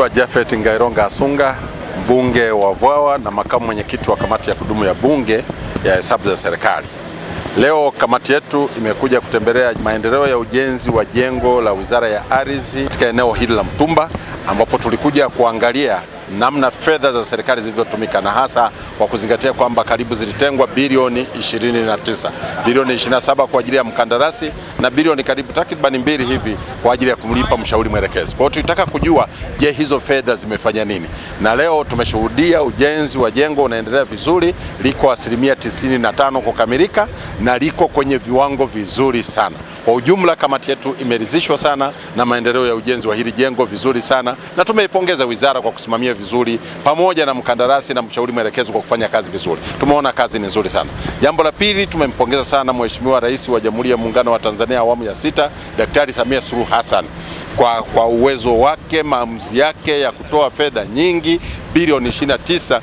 Naitwa Japhet Ngaironga Asunga, mbunge wa Vwawa na makamu mwenyekiti wa kamati ya kudumu ya bunge ya hesabu za serikali. Leo kamati yetu imekuja kutembelea maendeleo ya ujenzi wa jengo la Wizara ya Ardhi katika eneo hili la Mtumba ambapo tulikuja kuangalia namna fedha za serikali zilivyotumika na hasa kwa kuzingatia kwamba karibu zilitengwa bilioni 29, bilioni 27 kwa ajili ya mkandarasi na bilioni karibu takribani mbili hivi kwa ajili ya kumlipa mshauri mwelekezi. Kwa hiyo tulitaka kujua, je, hizo fedha zimefanya nini? Na leo tumeshuhudia ujenzi wa jengo unaendelea vizuri, liko asilimia 95 kukamilika na liko kwenye viwango vizuri sana. Kwa ujumla, kamati yetu imeridhishwa sana na maendeleo ya ujenzi wa hili jengo vizuri sana, na tumeipongeza wizara kwa kusimamia vizuri, pamoja na mkandarasi na mshauri mwelekezo kwa kufanya kazi vizuri. Tumeona kazi ni nzuri sana. Jambo la pili, tumempongeza sana Mheshimiwa Rais wa Jamhuri ya Muungano wa Tanzania awamu ya sita, Daktari Samia Suluhu Hassan kwa, kwa uwezo wake, maamuzi yake ya kutoa fedha nyingi bilioni 29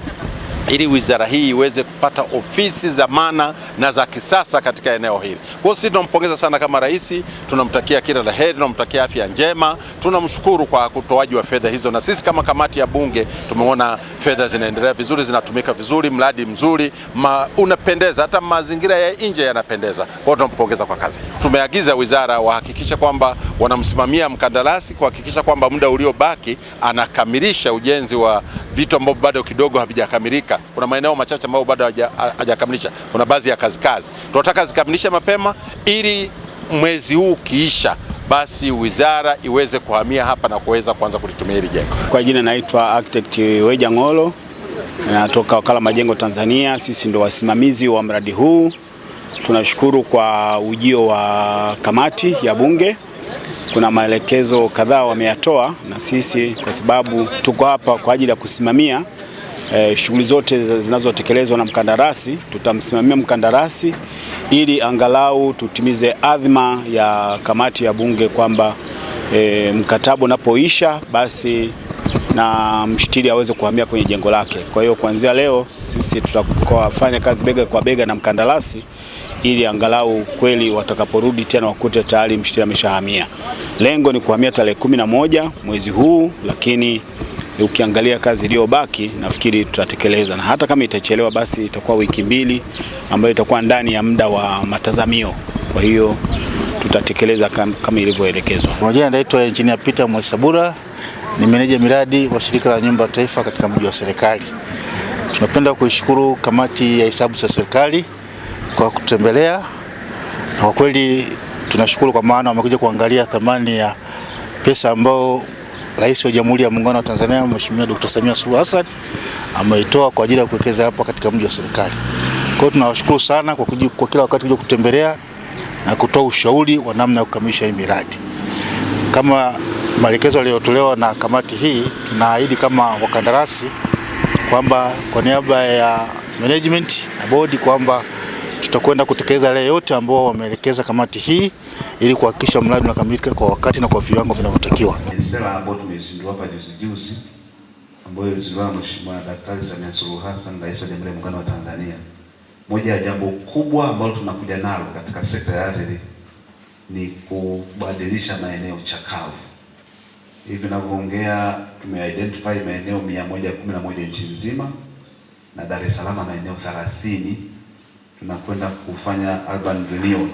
ili wizara hii iweze kupata ofisi za maana na za kisasa katika eneo hili. Kwa hiyo sisi tunampongeza sana kama rais, tunamtakia kila la heri, tunamtakia afya njema, tunamshukuru kwa utoaji wa fedha hizo, na sisi kama kamati ya Bunge tumeona fedha zinaendelea vizuri, zinatumika vizuri, mradi mzuri ma, unapendeza, hata mazingira ya nje yanapendeza. Kwa hiyo tunampongeza kwa kazi hiyo. Tumeagiza wizara wahakikishe kwamba wanamsimamia mkandarasi kuhakikisha kwamba muda uliobaki anakamilisha ujenzi wa vitu ambavyo bado kidogo havijakamilika. Kuna maeneo machache ambayo bado hajakamilisha, kuna baadhi ya kazikazi tunataka zikamilishe mapema ili mwezi huu ukiisha basi wizara iweze kuhamia hapa na kuweza kuanza kulitumia hili jengo. Kwa jina naitwa architect Weja Ng'olo, natoka wakala majengo Tanzania. Sisi ndo wasimamizi wa mradi huu. Tunashukuru kwa ujio wa kamati ya Bunge kuna maelekezo kadhaa wameyatoa, na sisi kwa sababu tuko hapa kwa ajili ya kusimamia e, shughuli zote zinazotekelezwa na mkandarasi, tutamsimamia mkandarasi ili angalau tutimize adhima ya kamati ya Bunge kwamba e, mkataba unapoisha basi na mshtiri aweze kuhamia kwenye jengo lake. Kwa hiyo kuanzia leo sisi tutakuwa fanya kazi bega kwa bega na mkandarasi ili angalau kweli watakaporudi tena wakute tayari mshitiri ameshahamia. Lengo ni kuhamia tarehe kumi na moja mwezi huu, lakini ukiangalia kazi iliyobaki nafikiri tutatekeleza, na hata kama itachelewa basi itakuwa wiki mbili ambayo itakuwa ndani ya muda wa matazamio. Kwa hiyo tutatekeleza kama, kama ilivyoelekezwa. Mmoja anaitwa Engineer Peter Mwesabura, ni meneja miradi wa shirika la nyumba taifa katika mji wa serikali. Tunapenda kuishukuru kamati ya hesabu za serikali kwa kutembelea, na kwa kweli tunashukuru kwa maana wamekuja kuangalia thamani ya pesa ambao Rais wa Jamhuri ya Muungano wa Tanzania Mheshimiwa Dr. Samia Suluhu Hassan ameitoa kwa ajili ya kuwekeza hapa katika mji wa serikali. Kwa hiyo tunawashukuru sana kwa, kujia, kwa kila wakati kuja kutembelea na kutoa ushauri wa namna ya kukamilisha hii miradi. Kama maelekezo yaliyotolewa na kamati hii, tunaahidi kama wakandarasi kwamba kwa niaba ya management na bodi kwamba tutakwenda kutekeleza yale yote ambao wameelekeza kamati hii ili kuhakikisha mradi unakamilika kwa wakati na kwa viwango vinavyotakiwa. Sera ambayo tumezindua hapa juzi juzi ambayo ilizindua na Mheshimiwa Daktari Samia Suluhu Hassan, Rais wa Jamhuri ya Muungano wa Tanzania, moja ya jambo kubwa ambalo tunakuja nalo katika sekta ya ardhi ni kubadilisha maeneo chakavu. Hivi ninavyoongea identify maeneo 111 nchi nzima na Dar es Salaam maeneo 30 tunakwenda kufanya urban renewal.